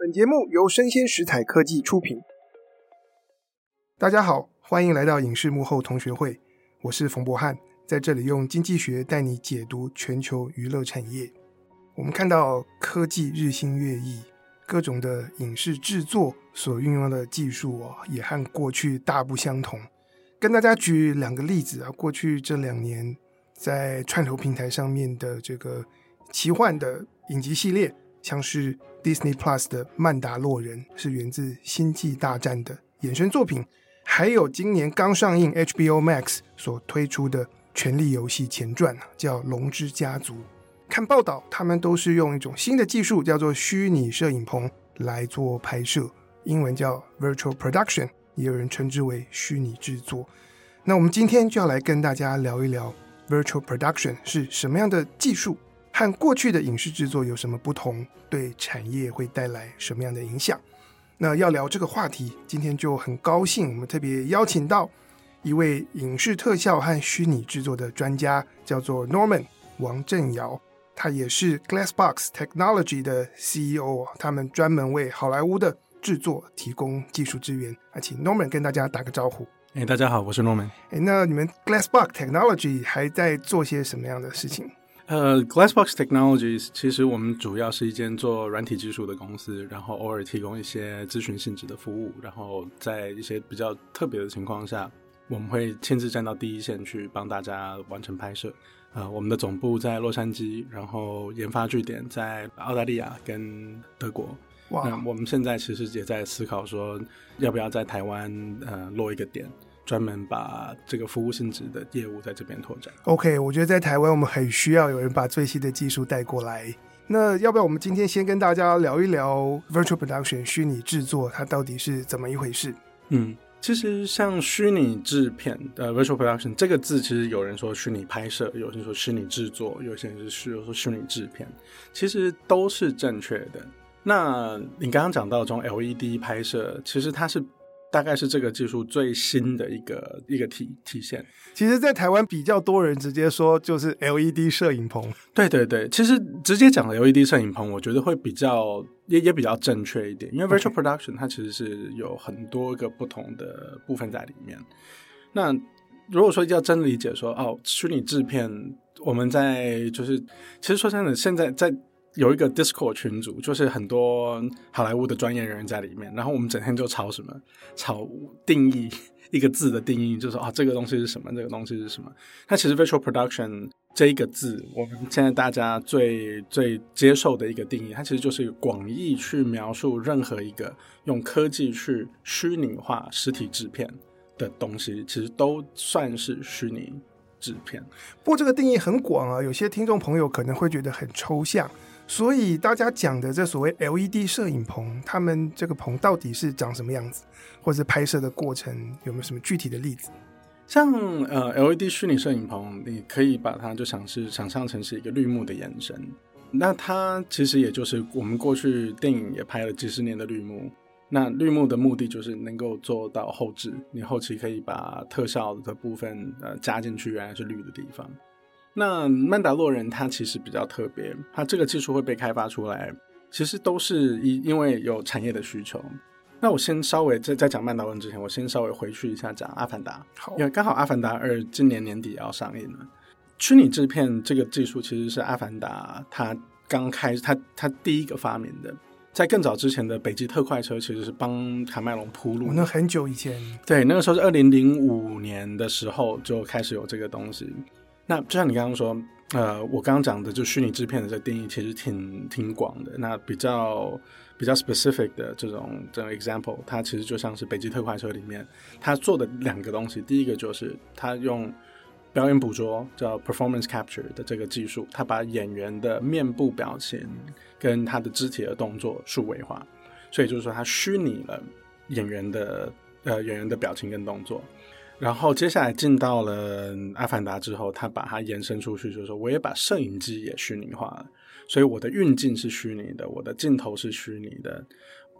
本節目由聲鮮時采科技出品。大家好，歡迎來到影視幕後同學會。我是馮博翰，在這裡用經濟學帶你解讀全球娛樂產業。我們看到科技日新月異，各種的影視製作所運用的技術哦，也和過去大不相同。跟大家舉兩個例子啊，過去這兩年在串流平台上面的這個奇幻的影集系列。像是 Disney Plus 的《曼達洛人》是源自《星際大戰》的衍生作品，還有今年剛上映 HBO Max 所推出的《權力遊戲》前傳啊，叫《龍之家族》。看報道，他們都是用一種新的技術，叫做虛擬攝影棚來做拍攝，英文叫 Virtual Production，也有人稱之為虛擬製作。那我們今天就要來跟大家聊一聊 Virtual Production 是什麼樣的技術。和過去的影視製作有什麼不同，對產業會帶來什麼樣的影響？那要聊這個話題，今天就很高興，我們特別邀請到一位影視特效和虛擬製作的專家，叫做 Norman 王振堯，他也是 Glassbox Technology 的 CEO，他們專門為好萊塢的制作提供技術支援。那請 Norman 跟大家打個招呼。哎，大家好，我是 Norman。哎，那你們 Glassbox Technology 還在做些什麼樣的事情？呃、uh，，Glassbox Technologies 其實我們主要是一間做軟體技術的公司，然後偶爾提供一些諮詢性質的服務，然後在一些比較特別的情況下，我們會親自站到第一線去幫大家完成拍攝。呃、uh，，我們的總部在洛杉磯，然後研發據點在澳大利亞跟德國。哇、wow.，那我們現在其實也在思考說，要不要在台灣呃落一個點。專門把這個服務性質的業務在這邊拓展。OK，我覺得在台灣，我們很需要有人把最新的技術帶過來。那要不要我們今天先跟大家聊一聊 Virtual Production 虛擬制作，它到底是怎麼一回事？嗯，其實像虛擬制片、呃、Virtual Production 這個字，其實有人說虛擬拍攝，有人說虛擬制作，有些人是說虛擬制片，其實都是正確的。那你剛剛講到這種 LED 拍攝，其實它是。大概是這個技術最新的一個一個體體現。其實，在台灣比較多人直接說就是 LED 攝影棚。對對對，其實直接講 LED 攝影棚，我覺得會比較也也比較正確一點，因為 Virtual Production 它其實是有很多個不同的部分在裡面。Okay. 那如果說要真理解說哦，虛擬制片，我們在就是其實說真的，現在在。有一個 Discord 群組，就是很多好萊塢的專業人員在裡面，然後我們整天就吵什麼，吵定義一個字的定義，就是說啊、哦，這個東西是什麼，這個東西是什麼。它其實 virtual production 這一個字，我們現在大家最最接受的一個定義，它其實就是廣義去描述任何一個用科技去虛擬化實體制片的東西，其實都算是虛擬制片。不過這個定義很廣啊，有些聽眾朋友可能會覺得很抽象。所以大家講的這所謂 LED 攝影棚，他們這個棚到底是長什麼樣子，或者拍攝的過程有沒有什麼具體的例子？像呃 LED 虛擬攝影棚，你可以把它就想是想象成是一個綠幕的延伸。那它其實也就是我們過去電影也拍了幾十年的綠幕。那綠幕的目的就是能夠做到後製，你後期可以把特效的部分呃加進去，原來是綠的地方。那曼達洛人他其實比較特別，他這個技術會被開發出來，其實都是一，因為有產業的需求。那我先稍微在在講曼達洛人之前，我先稍微回去一下講阿凡達，好。因為剛好阿凡達二今年年底要上映了。虛擬制片這個技術其實是阿凡達他剛開他他，他第一個發明的，在更早之前的《北極特快車》其實是幫卡麥隆鋪路。哦，那很久以前。對，那個時候是二零零五年的時候就開始有這個東西。那就像你剛剛說，呃，我剛剛講的就虛擬製片的這個定義其實挺挺廣的。那比較比較 specific 的這種這種 example，它其實就像是《北極特快車》裡面，它做的兩個東西。第一個就是它用表演捕捉叫 performance capture 的這個技術，它把演員的面部表情跟他的肢體的動作數位化，所以就是說它虛擬了演員的呃演員的表情跟動作。然後接下來進到了《阿凡達》之後，他把它延伸出去，就是說我也把攝影機也虛擬化了，所以我的運鏡是虛擬的，我的鏡頭是虛擬的，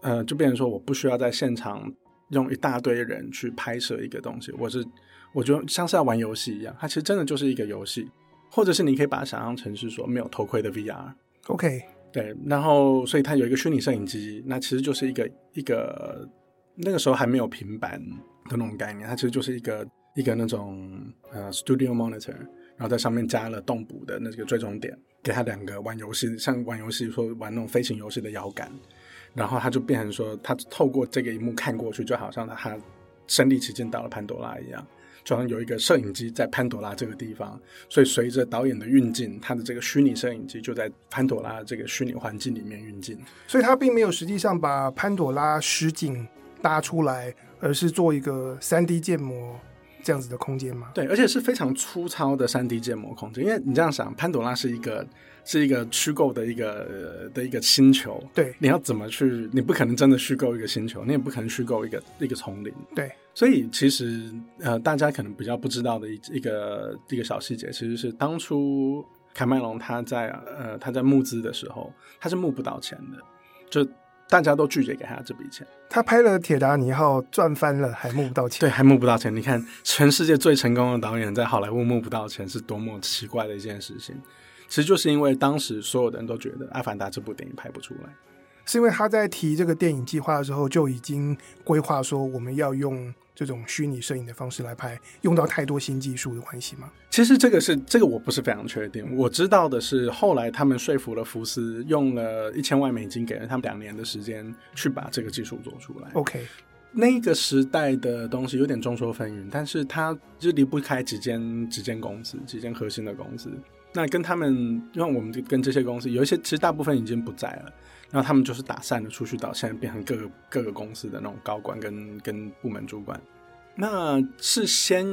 呃，就變成說我不需要在現場用一大堆人去拍攝一個東西，我是我就像是在玩遊戲一樣，它其實真的就是一個遊戲，或者是你可以把它想象成是說沒有頭盔的 VR，OK，、okay. 對，然後所以它有一個虛擬攝影機，那其實就是一個一個那個時候還沒有平板。的那種概念，它其實就是一個一個那種呃 studio monitor，然後在上面加了動捕的那個追蹤點，給他兩個玩遊戲，像玩遊戲或玩那種飛行遊戲的搖桿。然後他就變成說，他透過這個螢幕看過去，就好像他身歷其境到了潘多拉一樣，就好像有一個攝影機在潘多拉這個地方，所以隨着導演的運鏡，他的這個虛擬攝影機就在潘多拉這個虛擬環境裡面運鏡，所以他並沒有實際上把潘多拉實景搭出來。而是做一個 3D 建模、這樣子的空間嗎？對，而且是非常粗糙的 3D 建模空間。因為你這樣想，潘朵拉是一個是一個虛構的一個、呃、的一個星球。對，你要怎麼去？你不可能真的虛構一個星球，你也不可能虛構一個一個叢林。對，所以其實呃，大家可能比較不知道的一一個一個小細節，其實是當初卡麥隆他在呃他在募資的時候，他是募不到錢的。就大家都拒絕給他這筆錢，他拍了《鐵達尼號》，賺翻了，還募不到錢。對，還募不到錢。你看，全世界最成功的導演在好萊塢募不到錢，是多麼奇怪的一件事情。其實，就是因為當時所有的人都覺得《阿凡達》這部電影拍不出來，是因為他在提這個電影計劃的時候就已經規劃說，我們要用。這種虛擬攝影的方式來拍，用到太多新技術的關係嗎？其實這個是這個，我不是非常確定。我知道的是，後來他們說服了福斯，用了一千萬美金，給了他們兩年的時間去把這個技術做出來。OK，那個時代的東西有點眾說紛紜，但是它就離不開幾間幾間公司，幾間核心的公司。那跟他們，讓我們跟這些公司，有一些其實大部分已經不在了。那他們就是打散的出去到，現在變成各個各個公司的那種高管、跟跟部門主管。那是先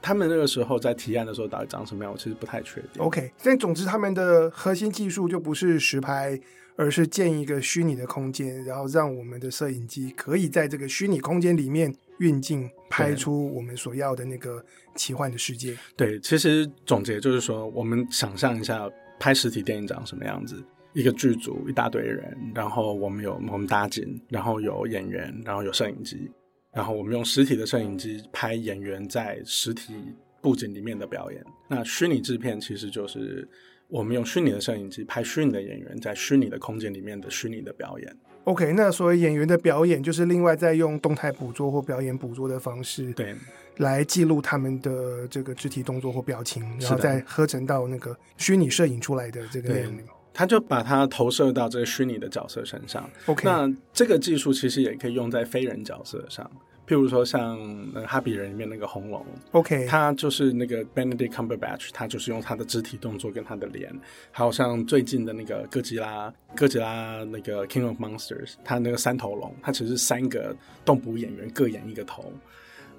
他們那個時候在提案的時候打得長什麼樣，我其實不太確定。OK，但總之他們的核心技術就不是實拍，而是建一個虛擬的空間，然後讓我們的攝影機可以在這個虛擬空間裡面運鏡，拍出我們所要的那個奇幻的世界。對。對，其實總結就是說，我們想象一下拍實體電影長什麼樣子。一個劇組一大堆人，然後我們有我們搭景，然後有演員，然後有攝影機，然後我們用實體的攝影機拍演員在實體布景裡面的表演。那虛擬製片其實就是我們用虛擬的攝影機拍虛擬的演員在虛擬的空間裡面的虛擬的表演。OK，那所以演員的表演就是另外再用動態捕捉或表演捕捉的方式，對，來記錄他們的這個肢體動作或表情，然後再合成到那個虛擬攝影出來的這個內容。他就把它投射到這個虛擬的角色身上。OK，那這個技術其實也可以用在非人角色上，譬如說像那個《哈比人》裡面那個紅龍。OK，他就是那個 Benedict Cumberbatch，他就是用他的肢體動作跟他的臉，還有像最近的那個哥吉拉，哥吉拉那個 King of Monsters，他那個三頭龍，他其實是三個動捕演員各演一個頭。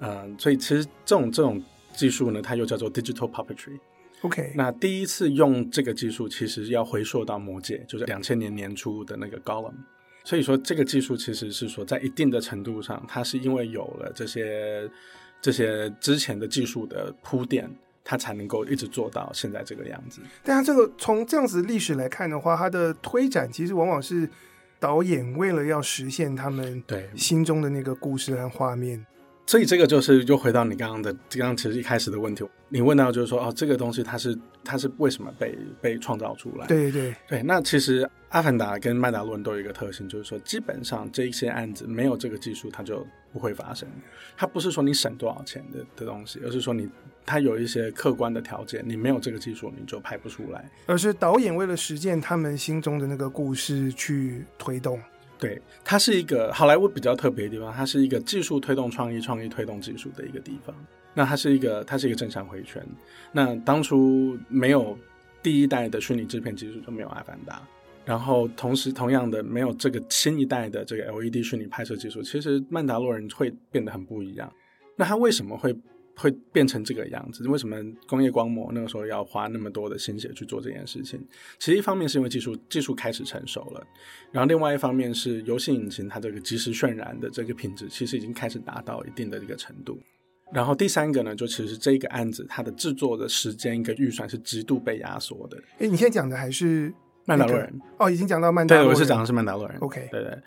嗯、呃，所以其實這種這種技術呢，它又叫做 Digital Puppetry。OK，那第一次用這個技術，其實要回溯到魔戒，就是兩千年年初的那個 Golem。所以說，這個技術其實是說，在一定的程度上，它是因為有了這些這些之前的技術的鋪墊，它才能夠一直做到現在這個樣子。但，它這個從這樣子的歷史來看的話，它的推展其實往往是導演為了要實現他們對心中的那個故事和畫面。所以，這個就是又回到你剛剛的剛剛其實一開始的問題。你問到就是說，哦，這個東西它是它是為什麼被被創造出來？對對對對。那其實《阿凡達》跟《曼達洛人》都有一個特性，就是說，基本上這一些案子沒有這個技術，它就不會發生。它不是說你省多少錢的的東西，而是說你它有一些客觀的條件，你沒有這個技術，你就拍不出來。而是導演為了實踐他們心中的那個故事去推動。對，它是一個好萊塢比較特別的地方，它是一個技術推動創意，創意推動技術的一個地方。那它是一個，它是一個正向回圈。那當初沒有第一代的虛擬制片技術，就沒有《阿凡達》。然後同時，同樣的，沒有這個新一代的這個 LED 虛擬拍攝技術，其實《曼達洛人》會變得很不一樣。那它為什麼會會變成這個樣子？為什麼工業光魔那個時候要花那麼多的心血去做這件事情？其實一方面是因為技術技術開始成熟了，然後另外一方面是遊戲引擎它這個即時渲染的這個品質，其實已經開始達到一定的這個程度。然後第三個呢，就其實這個案子它的制作的時間跟預算是極度被壓縮的。哎，你現在講的還是曼達洛人。哦，已經講到曼達洛人。對，我是講的是曼達洛人。OK，對對，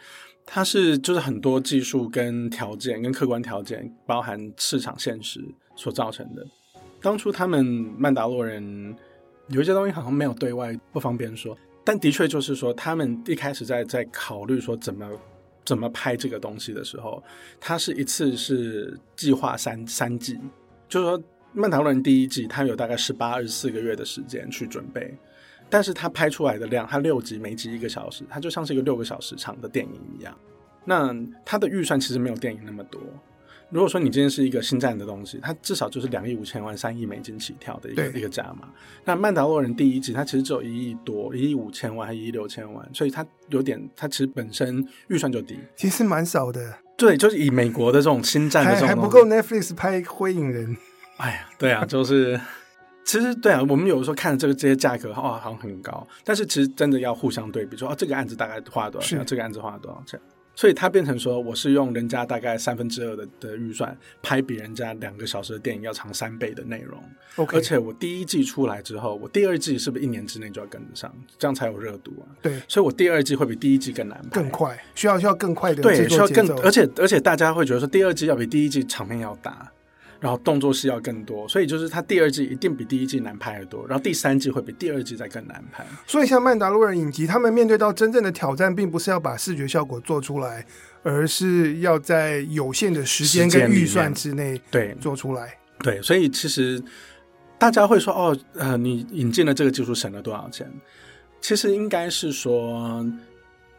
它是就是很多技術跟條件跟客觀條件，包含市場現實所造成的。當初他們曼達洛人有一些東西好像沒有對外不方便說，但的確就是說他們一開始在在考慮說怎麼。怎麼拍這個東西的時候，它是一次是計劃三三季，就是說《曼達洛人》第一季，它有大概十八二十四個月的時間去準備，但是它拍出來的量，它六集，每集一個小時，它就像是一個六個小時長的電影一樣。那他的預算其實沒有電影那麼多。如果說你今天是一個新站的東西，它至少就是兩億五千萬、三億美金起跳的一個一個價碼。那《曼達洛人》第一季它其實只有一億多、一億五千萬還是一億六千萬，所以它有點，它其實本身預算就低，其實蠻少的。對，就是以美國的這種新戰的這種還，還不夠 Netflix 拍《灰影人》。哎呀，對啊，就是 其實對啊，我們有的時候看這個這些價格啊、哦，好像很高，但是其實真的要互相對比，比如說哦、啊，這個案子大概花了多少錢是、啊？這個案子花了多少錢？所以它變成說，我是用人家大概三分之二的的預算拍比人家兩個小時的電影要長三倍的內容，OK，而且我第一季出來之後，我第二季是不是一年之內就要跟得上，這樣才有熱度啊？對，所以我第二季會比第一季更難拍，更快，需要需要更快的對，需要更，而且而且大家會覺得說第二季要比第一季場面要大。然後動作戲要更多，所以就是它第二季一定比第一季難拍得多，然後第三季會比第二季再更難拍。所以像《曼達洛人》影集，他們面對到真正的挑戰，並不是要把視覺效果做出來，而是要在有限的時間跟預算之內對做出來對。對，所以其實大家會說，哦，呃，你引進了這個技術省了多少錢？其實應該是說。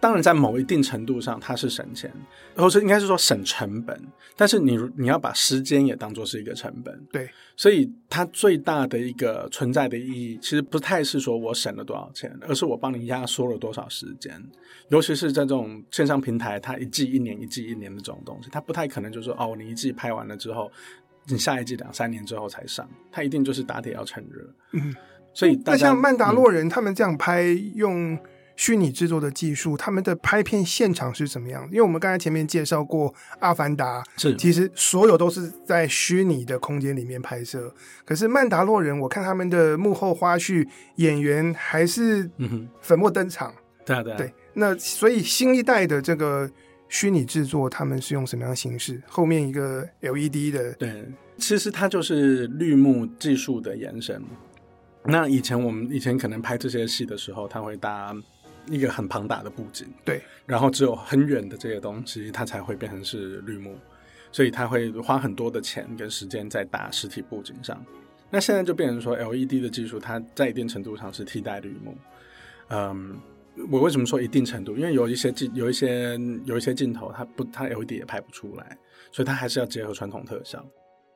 當然，在某一定程度上，它是省錢，或者應該是說省成本。但是你你要把時間也當做是一個成本。對，所以它最大的一個存在的意義，其實不太是說我省了多少錢，而是我幫你壓縮了多少時間。尤其是在這種線上平台，它一季一年一季一年的這種東西，它不太可能就是說哦，你一季拍完了之後，你下一季兩三年之後才上，它一定就是打鐵要趁熱。嗯，所以但像《曼達洛人》嗯，他們這樣拍用。虛擬制作的技術，他們的拍片現場是怎麼樣？因為我們剛才前面介紹過《阿凡達》，是其實所有都是在虛擬的空間裡面拍攝。可是《曼達洛人》，我看他們的幕後花絮，演員還是嗯哼，粉墨登場。對啊，對啊，對。那所以新一代的這個虛擬制作，他們是用什麼樣的形式？後面一個 LED 的，對，其實它就是綠幕技術的延伸。那以前我們以前可能拍這些戲的時候，他會搭。一個很龐大的布景，對，然後只有很遠的這些東西，它才會變成是綠幕，所以它會花很多的錢跟時間在打實體布景上。那現在就變成說，LED 的技術，它在一定程度上是替代綠幕。嗯，我為什麼說一定程度？因為有一些鏡，有一些有一些鏡頭，它不，它 LED 也拍不出來，所以它還是要結合傳統特效。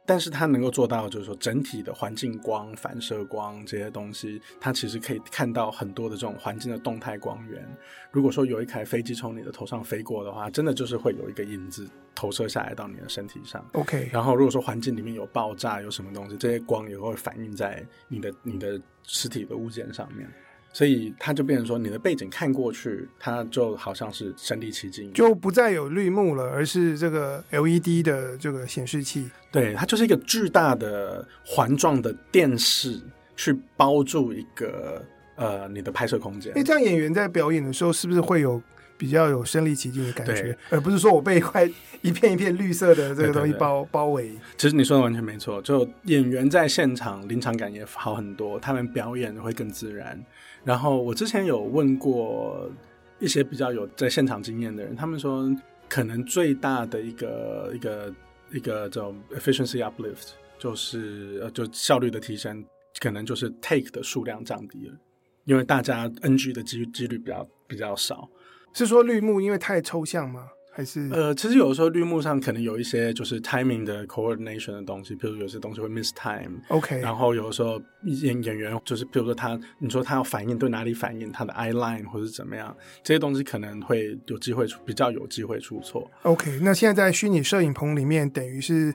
但是它能夠做到，就是說整體的環境光、反射光這些東西，它其實可以看到很多的這種環境的動態光源。如果說有一台飛機從你的頭上飛過的話，真的就是會有一個影子投射下來到你的身體上。OK，然後如果說環境裡面有爆炸，有什麼東西，這些光也會反映在你的你的實體的物件上面。所以它就變成說，你的背景看過去，它就好像是身臨其境，就不再有綠幕了，而是這個 LED 的這個顯示器。對，它就是一個巨大的環狀的電視，去包住一個呃你的拍攝空間。那這樣演員在表演的時候，是不是會有？比較有身臨其境的感覺，而不是說我被一塊一片一片綠色的這個東西包對對對包圍。其實你說的完全沒錯，就演員在現場臨場感也好很多，他們表演會更自然。然後我之前有問過一些比較有在現場經驗的人，他們說可能最大的一個一個一個這種 efficiency uplift 就是呃就效率的提升，可能就是 take 的數量降低了，因為大家 NG 的機率，機率比較比較少。是說綠幕因為太抽象嗎？還是呃，其實有的時候綠幕上可能有一些就是 timing 的 coordination 的東西，比如有些東西會 miss time。OK，然後有的時候演演員就是比如說他，你說他要反應，對哪裡反應，他的 eye line 或者是怎麼樣，這些東西可能會有機會出比較有機會出錯。OK，那現在在虛擬攝影棚裡面，等於是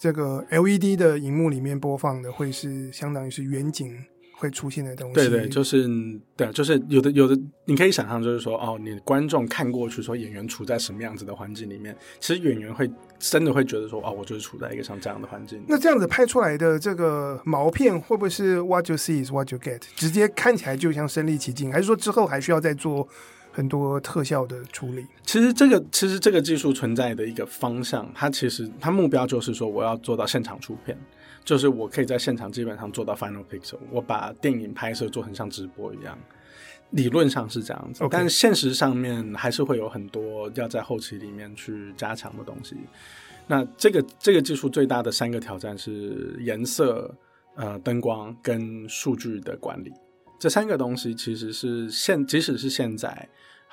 這個 LED 的熒幕裡面播放的會是相當於是遠景會出現的東西，對對，就是對，就是有的有的，你可以想象，就是說，哦，你觀眾看過去，說演員處在什麼樣子的環境裡面，其實演員會真的會覺得說，哦，我就是處在一個像這樣的環境。那這樣子拍出來的這個毛片，會不會是 what you see is what you get，直接看起來就像身臨其境，還是說之後還需要再做很多特效的處理？其實這個，其實這個技術存在的一個方向，它其實它目標就是說，我要做到現場出片。就是我可以在現場基本上做到 final pixel，我把電影拍攝做成像直播一樣，理論上是這樣子，okay. 但是現實上面還是會有很多要在後期裡面去加強的東西。那這個這個技術最大的三個挑戰是顏色、呃燈光跟數據的管理，這三個東西其實是現即使是現在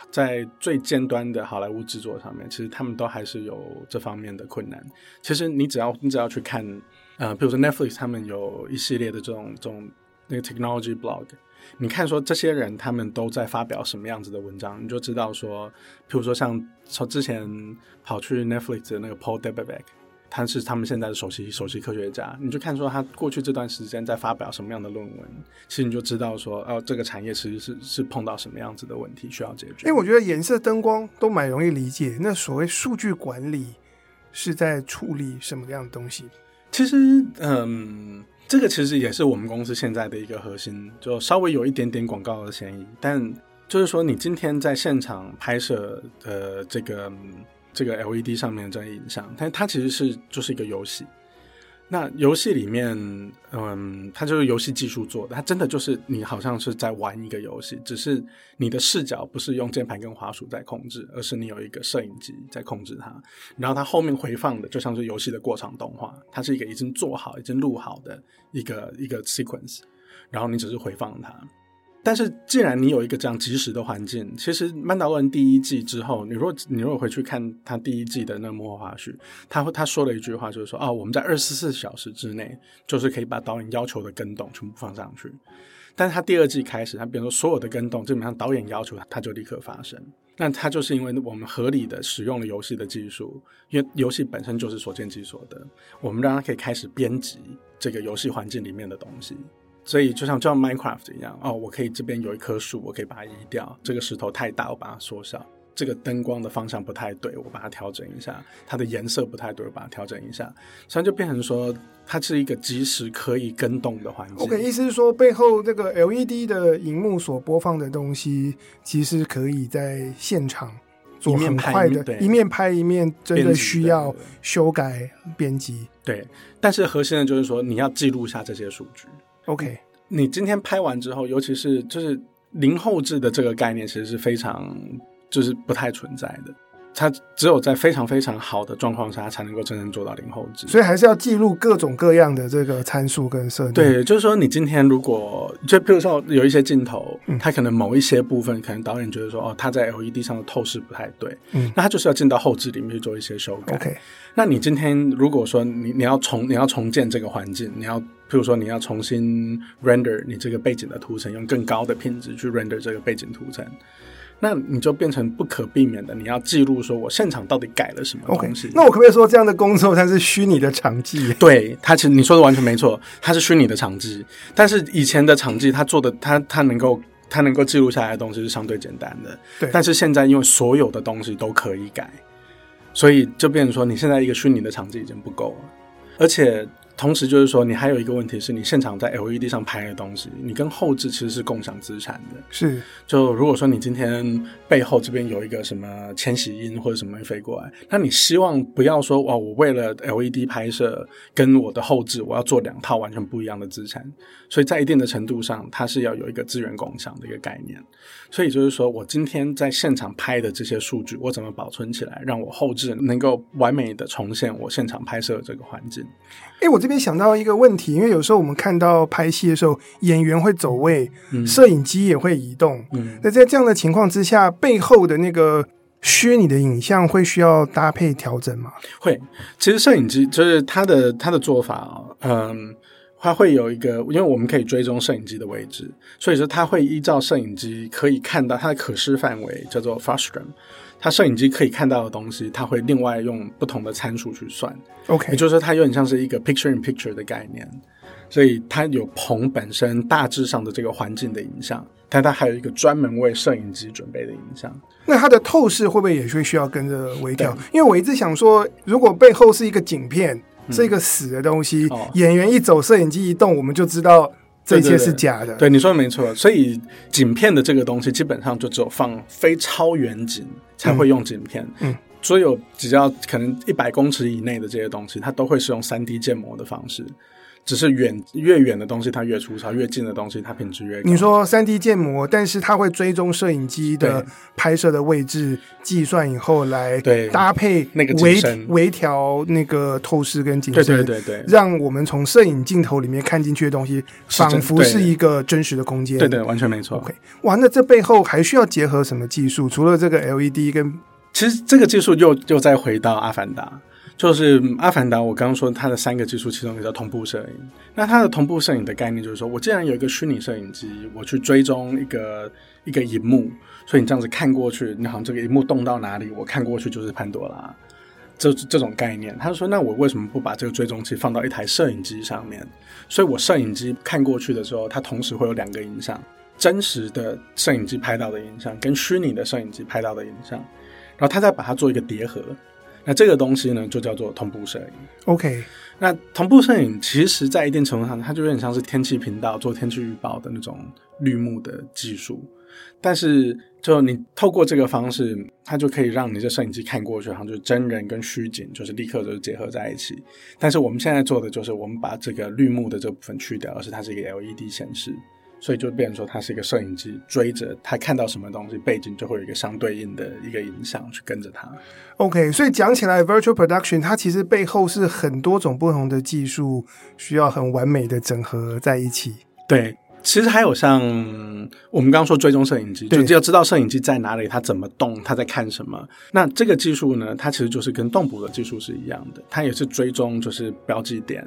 在最尖端的好萊塢製作上面，其實他們都還是有這方面的困難。其實你只要你只要去看。呃，比如說 Netflix，他們有一系列的這種這種那個 technology blog，你看說這些人他們都在發表什麼樣子的文章，你就知道說，比如說像從之前跑去 Netflix 的那個 Paul d e b e b e c 他是他們現在的首席首席科學家，你就看說他過去這段時間在發表什麼樣的論文，其實你就知道說，哦、呃，這個產業其實是是碰到什麼樣子的問題需要解決。因為我覺得顏色燈光都蠻容易理解，那所謂數據管理是在處理什麼樣的東西的？其實，嗯，這個其實也是我們公司現在的一個核心，就稍微有一點點廣告的嫌疑，但就是說，你今天在現場拍攝的這個這個 LED 上面的這樣影像，但它其實是就是一個遊戲。那遊戲裡面，嗯，它就是遊戲技術做的，它真的就是你好像是在玩一個遊戲，只是你的視角不是用鍵盤跟滑鼠在控制，而是你有一個攝影機在控制它，然後它後面回放的就像是遊戲的過場動畫，它是一個已經做好、已經錄好的一個一個 sequence，然後你只是回放它。但是，既然你有一個這樣即時的環境，其實《曼達洛人》第一季之後，你如果你如果回去看他第一季的那幕後花絮，他他說了一句話，就是說啊、哦，我們在二十四小時之內，就是可以把導演要求的跟動全部放上去。但是他第二季開始，他比如說所有的跟動，基本上導演要求，他就立刻發生。那他就是因為我們合理的使用了遊戲的技術，因為遊戲本身就是所見即所得，我們讓他可以開始編輯這個遊戲環境裡面的東西。所以就像這樣 Minecraft 一樣哦，我可以這邊有一棵樹，我可以把它移掉。這個石頭太大，我把它縮小。這個燈光的方向不太對，我把它調整一下。它的顏色不太對，我把它調整一下。所以就變成說，它是一個即時可以更動的環境。我、okay，的意思是說，背後這個 LED 的熒幕所播放的東西，其實可以在現場做一面拍的，一面拍一面真的需要修改編輯。對，但是核心的就是說，你要記錄下這些數據。OK，你今天拍完之後，尤其是就是零後製的這個概念，其實是非常就是不太存在的。它只有在非常非常好的狀況下，才能夠真正做到零後製。所以還是要記錄各種各樣的這個參數跟設定。對，就是說你今天如果就比如說有一些鏡頭，它可能某一些部分，嗯、可能導演覺得說哦，它在 LED 上的透視不太對，嗯，那他就是要進到後製裡面去做一些修改。OK，那你今天如果說你你要重你要重建這個環境，你要。譬如說，你要重新 render 你這個背景的圖層，用更高的品質去 render 這個背景圖層，那你就變成不可避免的，你要記錄說我現場到底改了什麼東西。Okay. 那我可不可以說，這樣的工作才是虛擬的場記？對，它其實你說的完全沒錯，它是虛擬的場記。但是以前的場記，它做的，它它能夠它能夠記錄下來的東西是相對簡單的。對。但是現在，因為所有的東西都可以改，所以就變成說，你現在一個虛擬的場記已經不夠了，而且。同時就是說，你還有一個問題是，你現場在 LED 上拍的東西，你跟後置其實是共享資產的。是，就如果說你今天背後這邊有一個什麼千禧音或者什麼飛過來，那你希望不要說哇，我為了 LED 拍攝跟我的後置我要做兩套完全不一樣的資產。所以在一定的程度上，它是要有一個資源共享的一個概念。所以就是說我今天在現場拍的這些數據，我怎麼保存起來，讓我後置能夠完美的重現我現場拍攝的這個環境？哎、欸，我這個。沒想到一個問題，因為有時候我們看到拍戲的時候，演員會走位，嗯、攝影機也會移動。那、嗯、在這樣的情況之下，背後的那個虛擬的影像會需要搭配調整嗎？會。其實攝影機就是它的它的做法、哦、嗯，它會有一個，因為我們可以追蹤攝影機的位置，所以說它會依照攝影機可以看到它的可視範圍，叫做 f a s 它攝影機可以看到的東西，它會另外用不同的參數去算。OK，也就是說，它有點像是一個 picture in picture 的概念，所以它有棚本身大致上的這個環境的影像，但它還有一個專門為攝影機準備的影像。那它的透視會不會也會需要跟着微調？因為我一直想說，如果背後是一個景片，是一個死的東西，嗯哦、演員一走，攝影機一動，我們就知道。對對對，這些是假的，對，你說的沒錯。所以，景片的這個東西基本上就只有放非超遠景才會用景片，所、嗯嗯、有只要可能一百公尺以內的這些東西，它都會是用三 D 建模的方式。只是遠越遠的東西它越粗糙，越近的東西它品質越高。你說 3D 建模，但是它會追蹤攝影機的拍攝的位置，計算以後來搭配微那個景深微調那個透視跟景深，對對對對，讓我們從攝影鏡頭裡面看進去的東西，仿佛是一個真實的空間。對,對對，完全沒錯。OK，完了，這背後還需要結合什麼技術？除了這個 LED，跟其實這個技術又又再回到《阿凡達》。就是阿凡達，我剛剛說它的三個技術，其中一個叫同步攝影。那它的同步攝影的概念就是說，我既然有一個虛擬攝影機，我去追蹤一個一個熒幕，所以你這樣子看過去，你好像這個熒幕動到哪裡，我看過去就是潘朵拉，這這種概念。他說，那我為什麼不把這個追蹤器放到一台攝影機上面？所以我攝影機看過去的時候，它同時會有兩個影像：真實的攝影機拍到的影像，跟虛擬的攝影機拍到的影像，然後他再把它做一個疊合。那這個東西呢，就叫做同步攝影。OK，那同步攝影其實，在一定程度上，它就有點像是天氣頻道做天氣預報的那種綠幕的技術。但是，就你透過這個方式，它就可以讓你這攝影機看過去，然後就是真人跟虛景就是立刻就結合在一起。但是我們現在做的就是，我們把這個綠幕的這部分去掉，而是它是一個 LED 顯示。所以就變成說，它是一個攝影機追着它看到什麼東西，背景就會有一個相對應的一個影像去跟着它。OK，所以講起來，virtual production 它其實背後是很多種不同的技術需要很完美的整合在一起。對，其實還有像我們剛剛說追蹤攝影機，對，就只要知道攝影機在哪裡，它怎麼動，它在看什麼。那這個技術呢，它其實就是跟動捕的技術是一樣的，它也是追蹤，就是標記點。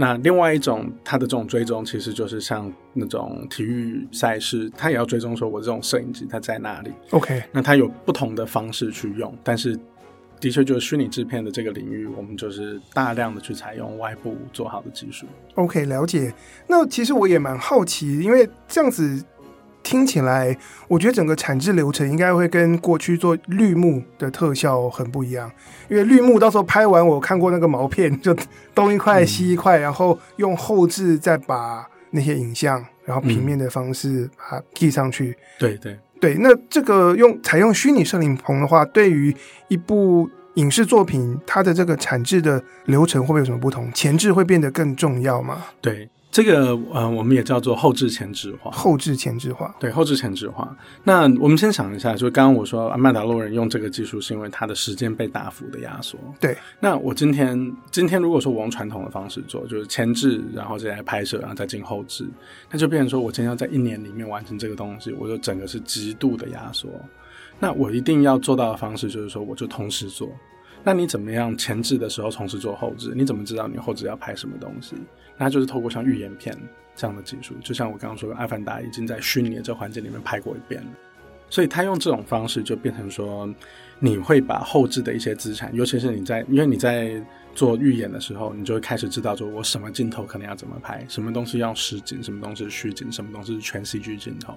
那另外一種，它的這種追蹤，其實就是像那種體育賽事，它也要追蹤說我這種攝影機它在哪裡。OK，那它有不同的方式去用，但是的確就是虛擬制片的這個領域，我們就是大量的去採用外部做好的技術。OK，了解。那其實我也蠻好奇，因為這樣子。聽起來，我覺得整個產制流程應該會跟過去做綠幕的特效很不一樣，因為綠幕到時候拍完，我看過那個毛片，就東一塊西一塊，嗯、然後用後製再把那些影像，然後平面的方式啊記上去。嗯、對，對對對，那這個用採用虛擬攝影棚的話，對於一部影視作品，它的這個產制的流程會不會有什麼不同？前製會變得更重要嗎？對。這個嗯、呃、我們也叫做後置前置化。後置前置化，對，後置前置化。那我們先想一下，就剛剛我說，曼達洛人用這個技術，是因為他的時間被大幅的壓縮。對。那我今天，今天如果說我用傳統的方式做，就是前置，然後再來拍攝，然後再進後置，那就變成說我今天要在一年裡面完成這個東西，我就整個是極度的壓縮。那我一定要做到的方式，就是說我就同時做。那你怎麼樣前置的時候同時做後置？你怎麼知道你後置要拍什麼東西？那就是透過像預演片這樣的技術，就像我剛剛說的，《阿凡達》已經在虛擬的這環境裡面拍過一遍了，所以他用這種方式就變成說，你會把後製的一些資產，尤其是你在因為你在做預演的時候，你就會開始知道說，我什麼鏡頭可能要怎麼拍，什麼東西要實景，什麼東西虛景，什麼東西是全 CG 鏡頭，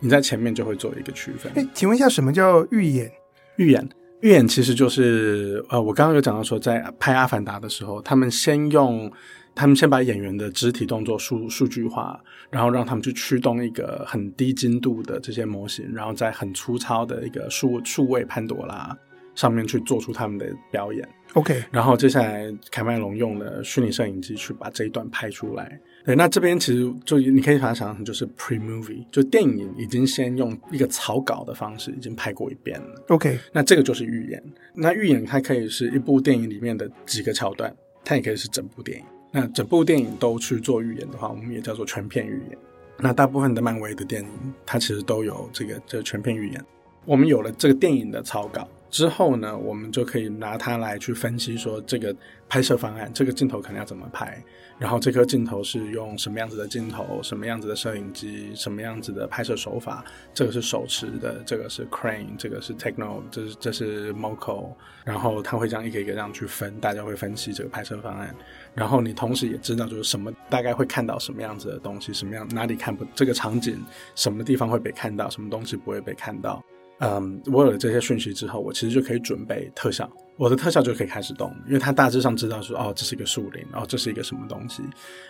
你在前面就會做一個區分。哎、欸，請問一下，什麼叫預演？預演，預演其實就是呃，我剛剛有講到說，在拍《阿凡達》的時候，他們先用。他們先把演員的肢體動作數數據化，然後讓他們去驅動一個很低精度的這些模型，然後在很粗糙的一個數數位潘朵拉上面去做出他們的表演。OK，然後接下來卡麥隆用了虛擬攝影機去把這一段拍出來。對，那這邊其實就你可以把它想像成就是 pre movie，就電影已經先用一個草稿的方式已經拍過一遍了。OK，那這個就是預演。那預演它可以是一部電影裡面的幾個橋段，它也可以是整部電影。那整部電影都去做預演的話，我們也叫做全片預演。那大部分的漫威的電影，它其實都有這個這個、全片預演。我們有了這個電影的草稿。之後呢，我們就可以拿它來去分析，說這個拍攝方案，這個鏡頭可能要怎麼拍，然後這顆鏡頭是用什麼樣子的鏡頭，什麼樣子的攝影機，什麼樣子的拍攝手法，這個是手持的，這個是 crane，這個是 techno，這是這是 moco，然後他會這樣一個一個這樣去分，大家會分析這個拍攝方案，然後你同時也知道就是什麼大概會看到什麼樣子的東西，什麼樣哪裡看不這個場景，什麼地方會被看到，什麼東西不會被看到。嗯，我有了這些訊息之後，我其實就可以準備特效，我的特效就可以開始動，因為它大致上知道說，哦，這是一個樹林，哦，這是一個什麼東西，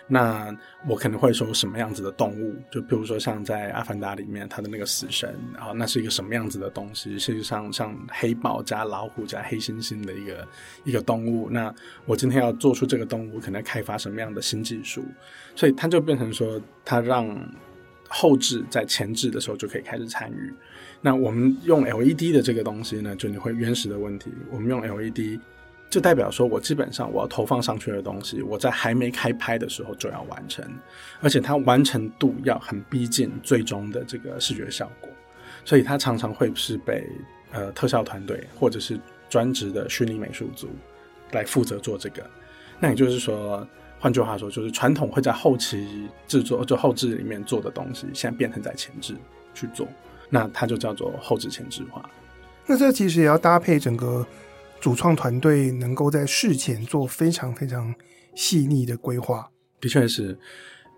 那我可能會說什麼樣子的動物，就比如說像在《阿凡達》裡面，他的那個死神，然後，哦，那是一個什麼樣子的東西，事實上像黑豹加老虎加黑猩猩的一個一個動物，那我今天要做出這個動物，可能要開發什麼樣的新技術，所以它就變成說，它讓後製在前製的時候就可以開始參與。那我們用 LED 的這個東西呢，就你會原始的問題。我們用 LED，就代表說我基本上我要投放上去的東西，我在還沒開拍的時候就要完成，而且它完成度要很逼近最終的這個視覺效果。所以它常常會是被呃特效團隊或者是專職的虛擬美術組來負責做這個。那也就是說，換句話說，就是傳統會在後期製作，就後製裡面做的東西，現在變成在前置去做。那它就叫做後置前置化。那這其實也要搭配整個主創團隊能夠在事前做非常非常細膩的規劃。的確是，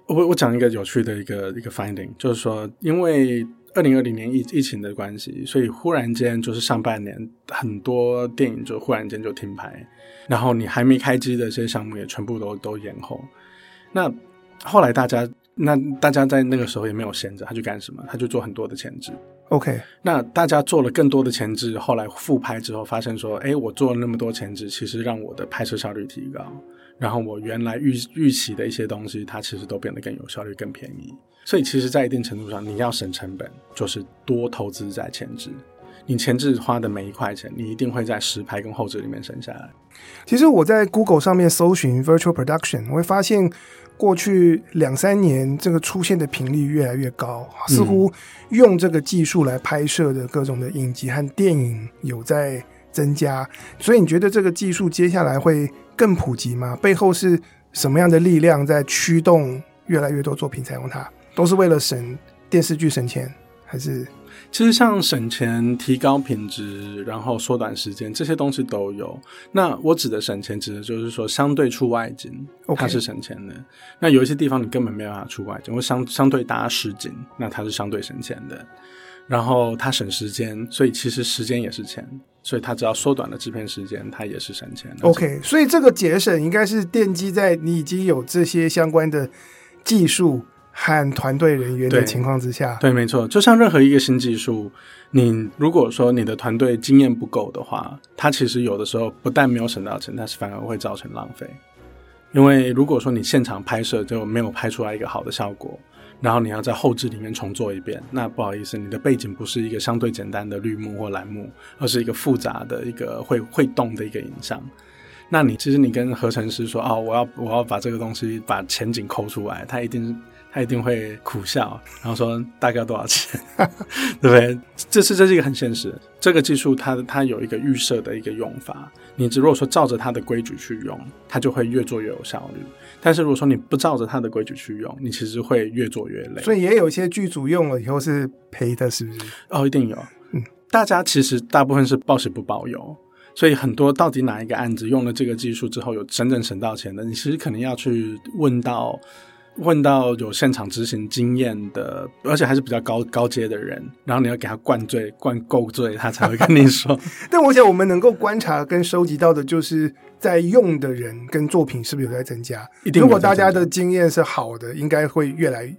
我我講一個有趣的一個一個 finding，就是說因為二零二零年疫疫情的關係，所以忽然間就是上半年很多電影就忽然間就停拍，然後你還沒開機的這些項目也全部都都延後。那後來大家。那大家在那個時候也沒有閒着，他去幹什麼？他就做很多的前置。OK，那大家做了更多的前置，後來復拍之後，發現說：哎、欸，我做了那麼多前置，其實讓我的拍攝效率提高，然後我原來預預期的一些東西，它其實都變得更有效率、更便宜。所以，其實，在一定程度上，你要省成本，就是多投資在前置。你前置花的每一塊錢，你一定會在實拍跟後置裡面省下來。其實我在 Google 上面搜尋 Virtual Production，我會發現。過去兩三年，這個出現的頻率越來越高，似乎用這個技術來拍攝的各種的影集和電影有在增加，所以你覺得這個技術接下來會更普及嗎？背後是什麼樣的力量在驅動越來越多作品採用它？都是為了省電視劇省錢。還是，其實像省錢、提高品質、然後縮短時間這些東西都有。那我指的省錢，指的就是說相對出外景，okay. 它是省錢的。那有一些地方你根本沒有辦法出外景，或相相對搭實景，那它是相對省錢的。然後它省時間，所以其實時間也是錢，所以它只要縮短了制片時間，它也是省錢的。OK，所以這個節省應該是奠基在你已經有這些相關的技術。和團隊人員的情況之下，對，對沒錯。就像任何一個新技術，你如果說你的團隊經驗不夠的話，它其實有的時候不但沒有省到錢，但是反而會造成浪費。因為如果說你現場拍攝就沒有拍出來一個好的效果，然後你要在後置裡面重做一遍，那不好意思，你的背景不是一個相對簡單的綠幕或藍幕，而是一個複雜的一個會會動的一個影像。那你其實你跟合成師說啊、哦，我要我要把這個東西把前景摳出來，它一定是。他一定會苦笑，然後說，大概要多少錢，對 不對？這是這是一個很現實。這個技術它，它它有一個預設的一個用法。你只如果說照着它的規矩去用，它就會越做越有效率。但是如果說你不照着它的規矩去用，你其實會越做越累。所以也有一些劇組用了以後是賠的，是不是？哦，一定有。嗯，大家其實大部分是報喜不報憂，所以很多到底哪一個案子用了這個技術之後有真正省到錢的，你其實可能要去問到。問到有現場執行經驗的，而且還是比較高高階的人，然後你要給他灌醉、灌夠醉，他才會跟你說。 但我想，我們能夠觀察跟收集到的，就是在用的人跟作品是不是有在增加？增加。如果大家的經驗是好的，應該會越來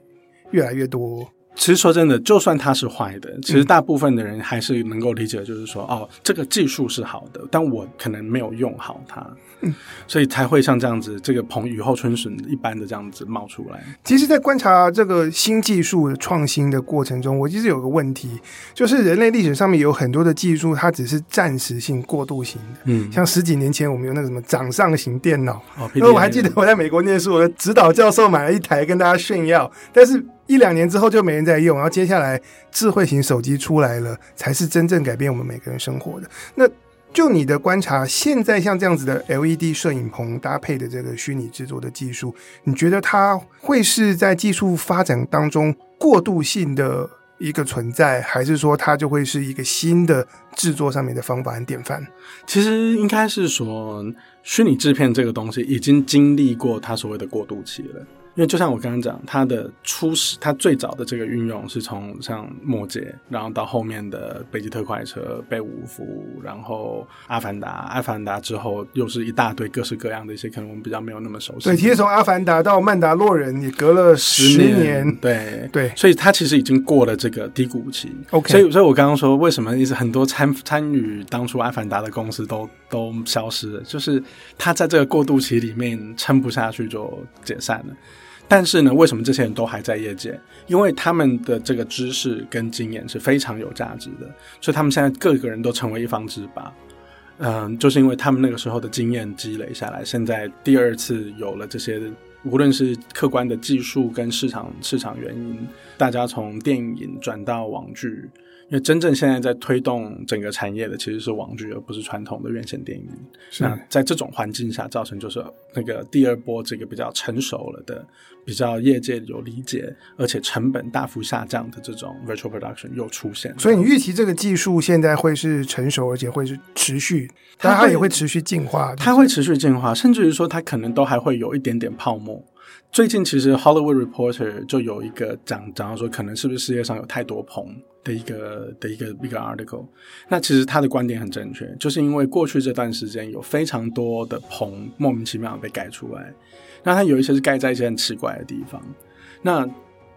越來越多。其實說真的，就算它是壞的，其實大部分的人還是能夠理解，就是說、嗯，哦，這個技術是好的，但我可能沒有用好它，嗯，所以才會像這樣子，這個“蓬雨後春筍”一般的這樣子冒出來。其實，在觀察這個新技術的創新的過程中，我其實有個問題，就是人類歷史上面有很多的技術，它只是暫時性、過渡型的，嗯，像十幾年前我們有那個什麼掌上型電腦，那、哦、PDA、我還記得我在美國念書，我的指導教授買了一台跟大家炫耀，但是。一兩年之後就沒人在用，然後接下來智慧型手機出來了，才是真正改變我們每個人生活的。那就你的觀察，現在像這樣子的 LED 攝影棚搭配的這個虛擬制作的技術，你覺得它會是在技術發展當中過渡性的一個存在，還是說它就會是一個新的制作上面的方法和典範？其實應該是說，虛擬制片這個東西已經經歷過它所謂的過渡期了。因為就像我剛剛講，它的初始、它最早的這個運用是從像魔戒，然後到後面的《北極特快車》、《貝武夫》，然後阿凡達《阿凡達》，《阿凡達》之後又是一大堆各式各樣的一些，可能我們比較沒有那麼熟悉。對，其實從《阿凡達》到《曼達洛人》，也隔了十年。十年，對對，所以它其實已經過了這個低谷期。OK，所以所以我剛剛說，為什麼一直很多參參與當初《阿凡達》的公司都都消失了，就是它在這個過渡期裡面撐不下去就解散了。但是呢，為什麼這些人都還在業界？因為他們的這個知識跟經驗是非常有價值的，所以他們現在各個人都成為一方之霸。嗯、呃，就是因為他們那個時候的經驗積累下來，現在第二次有了這些，無論是客觀的技術跟市場市場原因，大家從電影轉到網劇，因為真正現在在推動整個產業的其實是網劇，而不是傳統的院線電影。是啊，那在這種環境下，造成就是那個第二波這個比較成熟了的。比較業界有理解，而且成本大幅下降的這種 virtual production 又出現，所以你預期這個技術現在會是成熟，而且會是持續，它它也會持續進化，就是，它會持續進化，甚至於說它可能都還會有一點點泡沫。最近其實 Hollywood Reporter 就有一個講講到說，可能是不是世界上有太多棚的一個的一個,的一個,一個 article。那其實他的觀點很正確，就是因為過去這段時間有非常多的棚莫名其妙被改出來。那它有一些是蓋在一些很奇怪的地方，那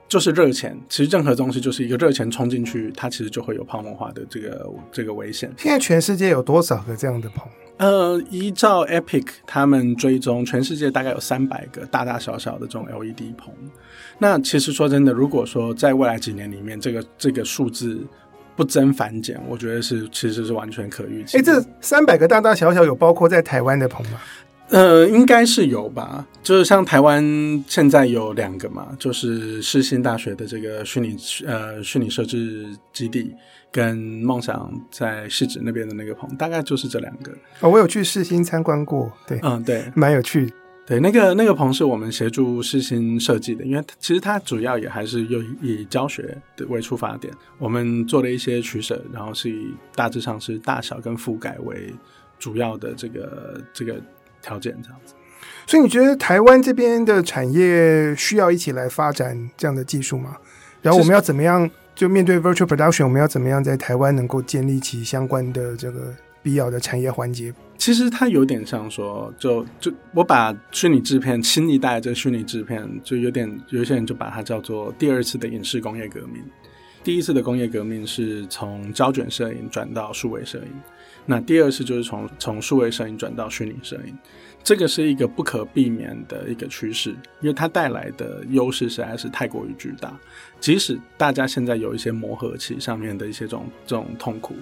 就是熱錢。其實任何東西就是一個熱錢衝進去，它其實就會有泡沫化的這個這個危險。現在全世界有多少個這樣的棚？呃，依照 Epic 他們追蹤，全世界大概有三百個大大小小的這種 LED 棚。那其實說真的，如果說在未來幾年裡面，這個這個數字不增反減，我覺得是其實是完全可預期。哎，這三百個大大小小有包括在台灣的棚嗎？呃，應該是有吧，就是像台灣現在有兩個嘛，就是世新大學的這個虛擬呃虛擬設置基地，跟夢想在汐止那邊的那個棚，大概就是這兩個。哦，我有去世新參觀過，對，嗯，對，蠻有趣。對，那個那個棚是我們協助世新設計的，因為它其實它主要也還是以以教學的為出發點，我們做了一些取捨，然後是以大致上是大小跟覆蓋為主要的這個這個。條件這樣子，所以你覺得台灣這邊的產業需要一起來發展這樣的技術嗎？然後我們要怎麼樣就面對 Virtual Production？我們要怎麼樣在台灣能夠建立起相關的這個必要的產業環節？其實它有點像說，就就我把虛擬製片新一代的這個虛擬製片，就有點有些人就把它叫做第二次的影視工業革命。第一次的工業革命是從膠卷攝影轉到數位攝影。那第二次就是從從數位攝影轉到虛擬攝影，這個是一個不可避免的一個趨勢，因為它帶來的優勢實在是太過於巨大。即使大家現在有一些磨合期上面的一些這種這種痛苦，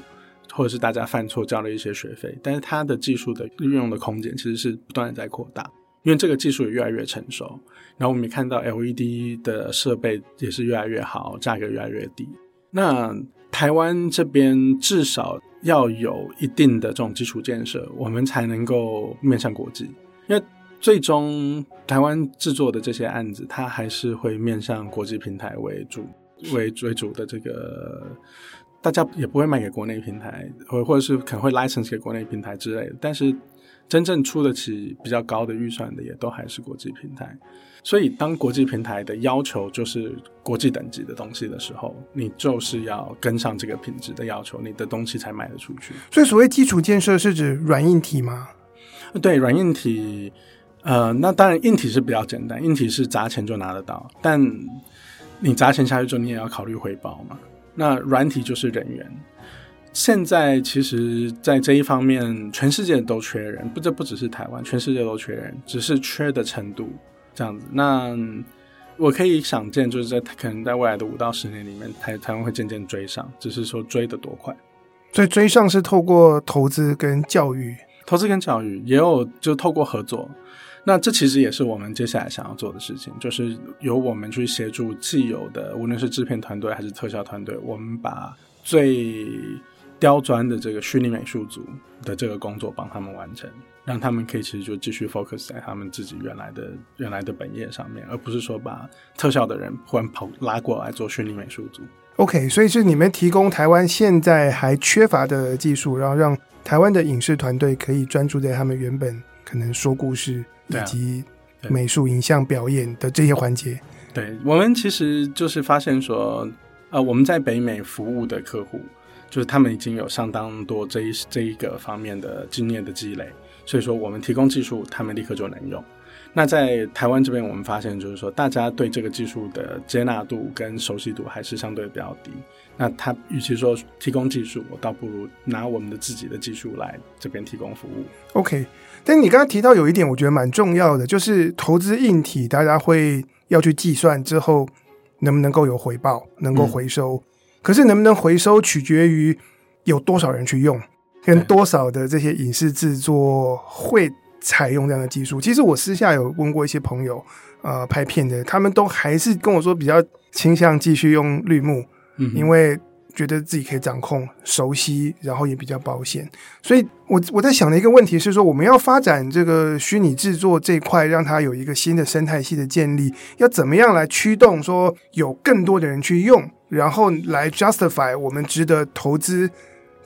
或者是大家犯錯交了一些學費，但是它的技術的運用的空間其實是不斷的在擴大，因為這個技術也越來越成熟。然後我們也看到 LED 的設備也是越來越好，價格越來越低。那台灣這邊至少。要有一定的這種基礎建設，我們才能夠面向國際。因為最終台灣製作的這些案子，它還是會面向國際平台為主，為，為主的這個，大家也不會賣給國內平台，或或者是可能會 license 給國內平台之類的。但是真正出得起比較高的預算的，也都還是國際平台。所以，當國際平台的要求就是國際等級的東西的時候，你就是要跟上這個品質的要求，你的東西才賣得出去。所以，所謂基礎建設是指軟硬體嗎？對，軟硬體，呃，那當然硬體是比較簡單，硬體是砸錢就拿得到，但你砸錢下去之後，你也要考慮回報嘛。那軟體就是人員。現在其實，在這一方面，全世界都缺人，不，這不只是台灣，全世界都缺人，只是缺的程度。這樣子，那我可以想見，就是在可能在未來的五到十年裡面，台台灣會漸漸追上，只是說追得多快。所以追上是透過投資跟教育，投資跟教育也有就透過合作。那這其實也是我們接下來想要做的事情，就是由我們去協助既有的，無論是製片團隊還是特效團隊，我們把最刁鑽的這個虛擬美術組的這個工作幫他們完成。讓他們可以其實就繼續 focus 在他們自己原來的原來的本業上面，而不是說把特效的人忽然跑拉過來做虛擬美術組。OK，所以是你們提供台灣現在還缺乏的技術，然後讓台灣的影視團隊可以專注在他們原本可能說故事、啊、以及美術、影像、表演的這些環節。對，對，對我們其實就是發現說，呃，我們在北美服務的客戶，就是他們已經有相當多這一這一個方面的經驗的積累。所以說，我們提供技術，他們立刻就能用。那在台灣這邊，我們發現就是說，大家對這個技術的接納度跟熟悉度還是相對比較低。那他與其說提供技術，我倒不如拿我們的自己的技術來這邊提供服務。OK，但你剛剛提到有一點，我覺得蠻重要的，就是投資硬體，大家會要去計算之後能不能夠有回報，能夠回收。嗯、可是能不能回收，取決於有多少人去用。跟多少的這些影視製作會採用這樣的技術？其實我私下有問過一些朋友，呃，拍片的，他們都還是跟我說比較傾向繼續用綠幕，嗯，因為覺得自己可以掌控、熟悉，然後也比較保險。所以我，我我在想的一個問題是說，我們要發展這個虛擬製作這一塊，讓它有一個新的生態系的建立，要怎麼樣來驅動說有更多的人去用，然後來 justify 我們值得投資。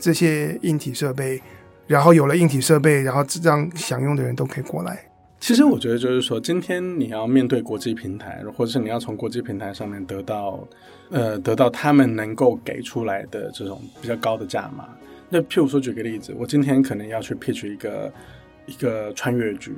這些硬體設備，然後有了硬體設備，然後讓想用的人都可以過來。其實我覺得就是說，今天你要面對國際平台，或者是你要從國際平台上面得到，呃，得到他們能夠給出來的這種比較高的價碼。那譬如說舉個例子，我今天可能要去 pitch 一個一個穿越劇，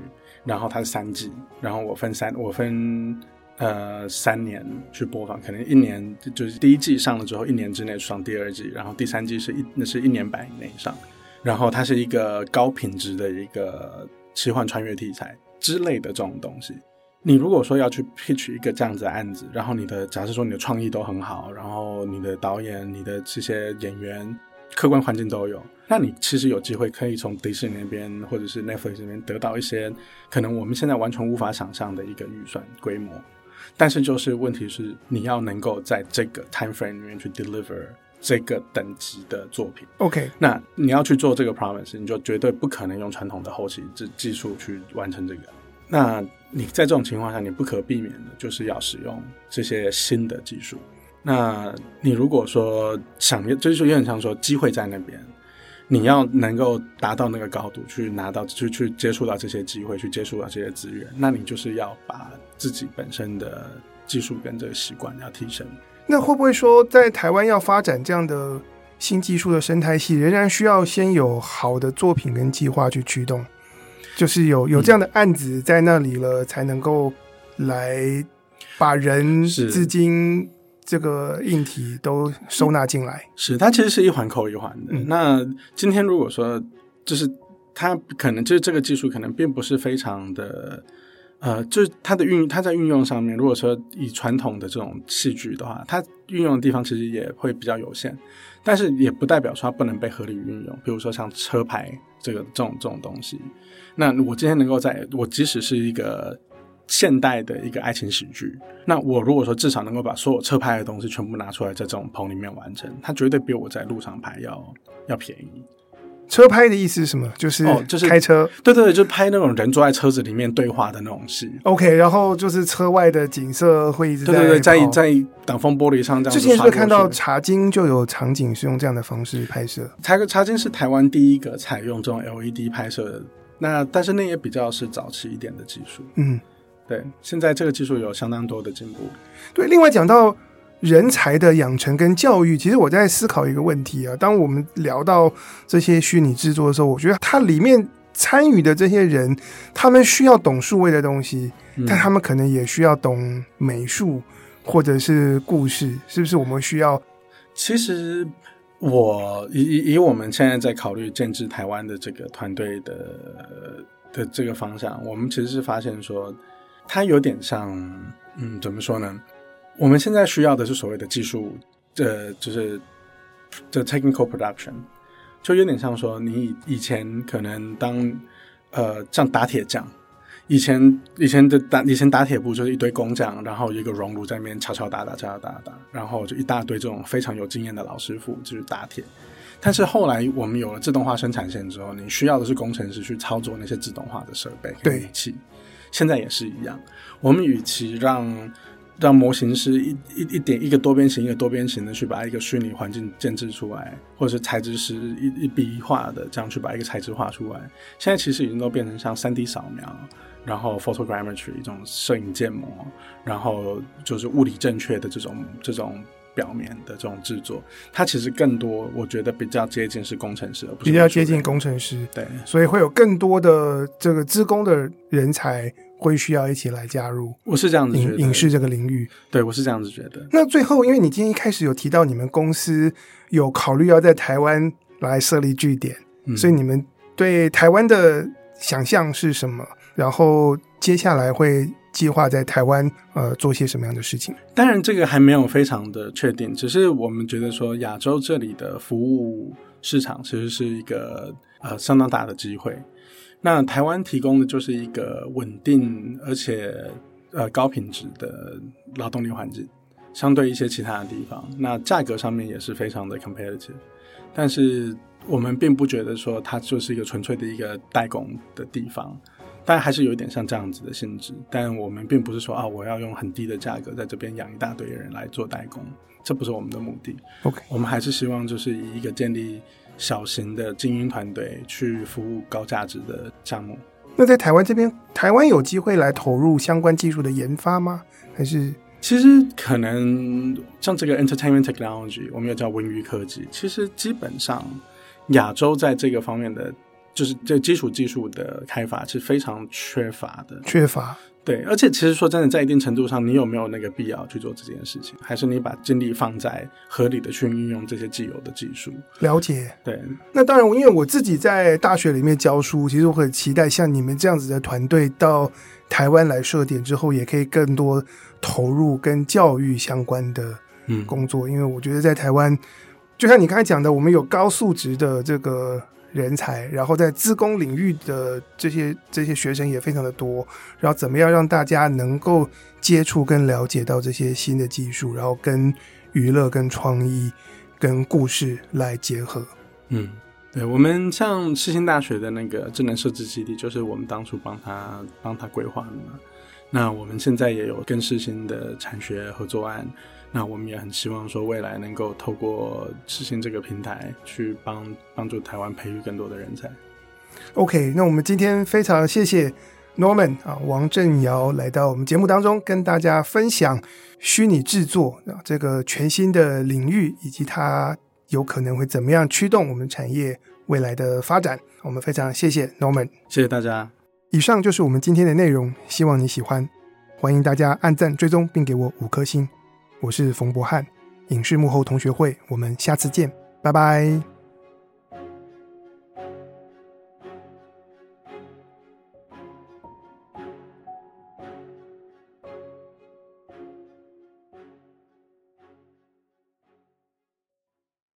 然後它是三 G，然後我分三，我分。呃，三年去播放，可能一年就是第一季上了之後，一年之內上第二季，然後第三季是一那是一年半以內上。然後它是一個高品質的一個奇幻穿越題材之類的這種東西。你如果說要去 pitch 一個這樣子的案子，然後你的假設說你的創意都很好，然後你的導演、你的這些演員、客觀環境都有，那你其實有機會可以從迪士尼那邊或者是 Netflix 那邊得到一些可能我們現在完全無法想象的一個預算規模。但是就是問題是你要能夠在這個 time frame 裡面去 deliver 這個等級的作品。OK，那你要去做這個 promise，你就絕對不可能用傳統的後期這技術去完成這個。那你在這種情況下，你不可避免的就是要使用這些新的技術。那你如果說想，就是有點像說機會在那邊，你要能夠達到那個高度，去拿到，去去接觸到這些機會，去接觸到這些資源，那你就是要把。自己本身的技術跟這個習慣要提升，那會不會說，在台灣要發展這樣的新技術的生態系，仍然需要先有好的作品跟計劃去驅動？就是有有這樣的案子在那裡了，才能夠來把人、資金、這個硬體都收納進來。嗯，是，它其實是一環扣一環的。嗯。那今天如果說，就是它可能就是這個技術，可能並不是非常的。呃，就是、它的運，它在運用上面，如果說以傳統的這種戲劇的話，它運用的地方其實也會比較有限，但是也不代表說它不能被合理運用。比如說像車拍這個這種這種東西，那我今天能夠在我即使是一個現代的一個愛情喜劇，那我如果說至少能夠把所有車拍的東西全部拿出來，在這種棚裡面完成，它絕對比我在路上拍要要便宜。車拍的意思是什麼？就是就是開車，哦就是、對，對對，就是拍那種人坐在車子裡面對話的那種戲。OK，然後就是車外的景色會一直在，對對對，在在擋風玻璃上這樣子。之前是不是看到《茶金》就有場景是用這樣的方式拍攝？《茶茶金》是台灣第一個採用這種 LED 拍攝的，那但是那也比較是早期一點的技術。嗯，對，現在這個技術有相當多的進步。對，另外講到。人才的養成跟教育，其實我在思考一個問題啊。當我們聊到這些虛擬制作的時候，我覺得它裡面參與的這些人，他們需要懂數位的東西，但他們可能也需要懂美術或者是故事，是不是我們需要？其實我，我以以我們現在在考慮建制台灣的這個團隊的的這個方向，我們其實是發現說，它有點像，嗯，怎麼說呢？我們現在需要的是所謂的技術，呃，就是 the technical production，就有點像說你以前可能當呃像打鐵匠，以前以前的打以前打鐵鋪，就是一堆工匠，然後一個熔爐在那邊敲敲打打敲敲打打，然後就一大堆這種非常有經驗的老師傅就是打鐵。但是後來我們有了自動化生產線之後，你需要的是工程師去操作那些自動化的設備。對，其實。現在也是一樣，我們與其讓讓模型師，一一一點一個多邊形一個多邊形的去把一個虛擬環境建置出來，或者是材質師一一筆一畫的這樣去把一個材質畫出來。現在其實已經都變成像三 D 掃描，然後 photogrammetry 一種攝影建模，然後就是物理正確的這種這種表面的這種製作，它其實更多我覺得比較接近是工程師而不是，比較接近工程師對，所以會有更多的這個資工的人才。會需要一起來加入，我是這樣子覺得影視這個領域，對，對我是這樣子覺得。那最後，因為你今天一開始有提到你們公司有考慮要在台灣來設立據點，嗯，所以你們對台灣的想象是什麼？然後接下來會計劃在台灣呃做些什麼樣的事情？當然，這個還沒有非常的確定，只是我們覺得說亞洲這裡的服務市場其實是一個呃相當大的機會。那台灣提供的就是一個穩定而且呃高品質的勞動力環境，相對一些其他的地方，那價格上面也是非常的 competitive。但是我們並不覺得說它就是一個純粹的一個代工的地方，但還是有一點像這樣子的性質。但我們並不是說啊，我要用很低的價格在這邊養一大堆人來做代工，這不是我們的目的。OK，我們還是希望就是以一個建立，小型的精英團隊去服務高價值的項目。那在台灣這邊，台灣有機會來投入相關技術的研發嗎？還是其實可能像這個 Entertainment Technology，我們又叫文娛科技。其實基本上亞洲在這個方面的就是這基礎技術的開發是非常缺乏的，缺乏。對，而且其實說真的，在一定程度上，你有沒有那個必要去做這件事情，還是你把精力放在合理的去運用這些既有的技術？了解，對。那當然，我因為我自己在大學裡面教書，其實我很期待像你們這樣子的團隊到台灣來設點之後，也可以更多投入跟教育相關的嗯工作嗯，因為我覺得在台灣，就像你剛才講的，我們有高素質的這個。人才，然後在資工領域的這些這些學生也非常的多，然後怎麼樣讓大家能夠接觸跟了解到這些新的技術，然後跟娛樂、跟創意、跟故事來結合？嗯，對，我們像世新大學的那個智能設計基地，就是我們當初幫他幫他規劃的嘛。那我們現在也有跟世新的產學合作案。那我們也很希望說，未來能夠透過慈信這個平台去幫幫助台灣培育更多的人才。OK，那我們今天非常謝謝 Norman 啊，王正堯來到我們節目當中，跟大家分享虛擬製作啊，這個全新的領域，以及它有可能會怎麼樣驅動我們產業未來的發展。我們非常謝謝 Norman，謝謝大家。以上就是我們今天的內容，希望你喜歡。歡迎大家按讚、追蹤，並給我五顆星。我是馮博翰，影視幕後同學會，我們下次見，拜拜。